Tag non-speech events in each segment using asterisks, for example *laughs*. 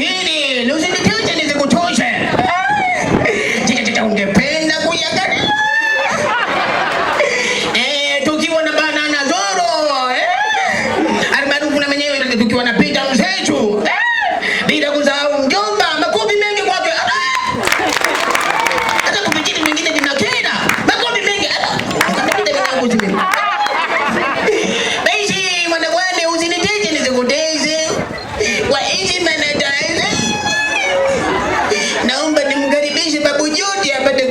hili usinipiche nizikutushe. Jikijika, ungependa kuiangalia *laughs* eh, tukiwa na banana zoro eh, arobaini kuna menyewe tukiwa na pita msechu eh. bila kusahau mjomba, makofi mengi kwake. Ah! Hata kupitini mingine vinakera makofi mengi, hata kupita vinangu zime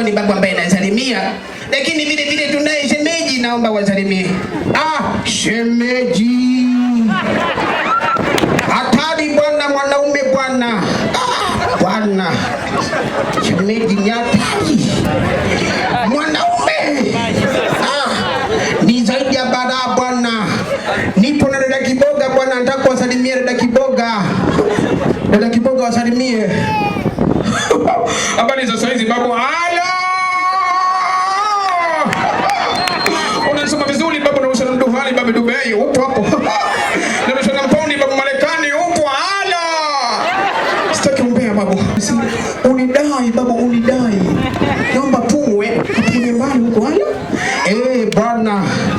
alikuwa ni baba ambaye anasalimia, lakini vile vile tunaye shemeji, naomba wasalimie. Ah, shemeji hatari bwana, mwanaume bwana, ah, bwana shemeji ni hatari mwanaume, ah, ni zaidi ya baraa bwana. Nipo na dada Kiboga bwana, nataka kuwasalimia dada Kiboga, dada Kiboga wasalimie *laughs* babu Dubai upo hapo. *laughs* Donald Trump babu Marekani upo ala. Sitaki umbea babu. Unidai babu unidai. Naomba tuwe kwenye mbali huko ala. Eh, bwana.